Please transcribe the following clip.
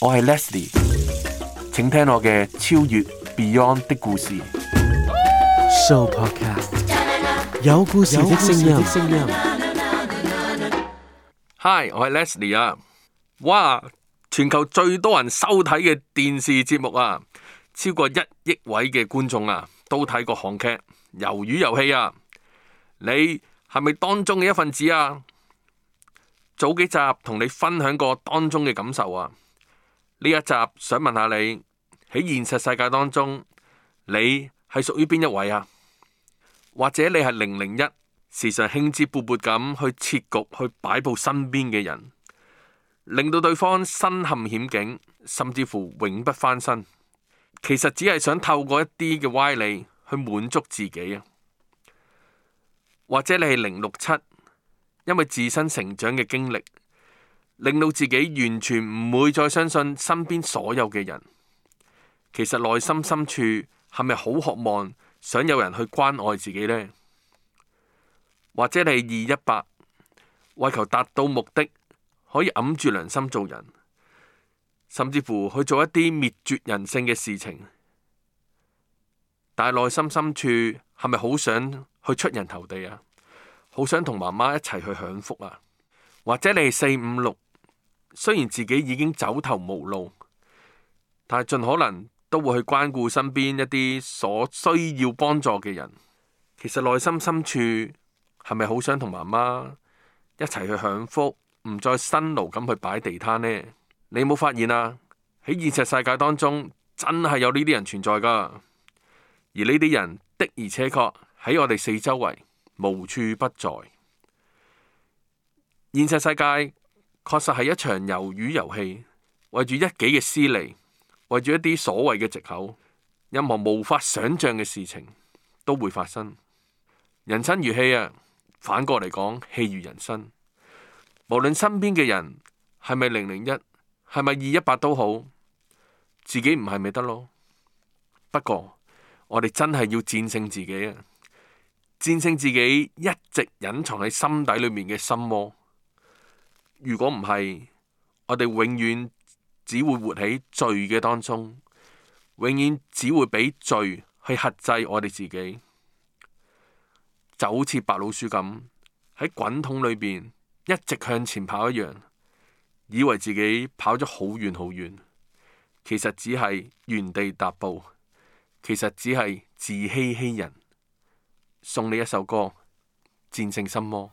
我係 Leslie，請聽我嘅超越 Beyond 的故事。So Podcast，有故事的聲音。Hi，我係 Leslie 啊！哇，全球最多人收睇嘅電視節目啊，超過一億位嘅觀眾啊，都睇過韓劇《魷魚遊戲》啊！你係咪當中嘅一份子啊？早幾集同你分享過當中嘅感受啊！呢一集想問下你喺現實世界當中，你係屬於邊一位啊？或者你係零零一，時常興致勃勃咁去設局去擺佈身邊嘅人，令到對方身陷險境，甚至乎永不翻身。其實只係想透過一啲嘅歪理去滿足自己啊。或者你係零六七，因為自身成長嘅經歷。令到自己完全唔會再相信身邊所有嘅人，其實內心深處係咪好渴望想有人去關愛自己呢？或者你二一八，為求達到目的可以揞住良心做人，甚至乎去做一啲滅絕人性嘅事情，但係內心深處係咪好想去出人頭地啊？好想同媽媽一齊去享福啊？或者你四五六？雖然自己已經走投無路，但係盡可能都會去關顧身邊一啲所需要幫助嘅人。其實內心深處係咪好想同媽媽一齊去享福，唔再辛勞咁去擺地攤呢？你有冇發現啊？喺現實世界當中，真係有呢啲人存在㗎。而呢啲人，的而且確喺我哋四周圍，無處不在，現實世界。確實係一場魷魚遊戲，為住一己嘅私利，為住一啲所謂嘅借口，任何無法想象嘅事情都會發生。人生如戲啊，反過嚟講，戲如人生。無論身邊嘅人係咪零零一，係咪二一八都好，自己唔係咪得咯？不過我哋真係要戰勝自己啊！戰勝自己一直隱藏喺心底裏面嘅心魔。如果唔係，我哋永遠只會活喺罪嘅當中，永遠只會俾罪去克制我哋自己，就好似白老鼠咁喺滾筒裏邊一直向前跑一樣，以為自己跑咗好遠好遠，其實只係原地踏步，其實只係自欺欺人。送你一首歌，戰勝心魔。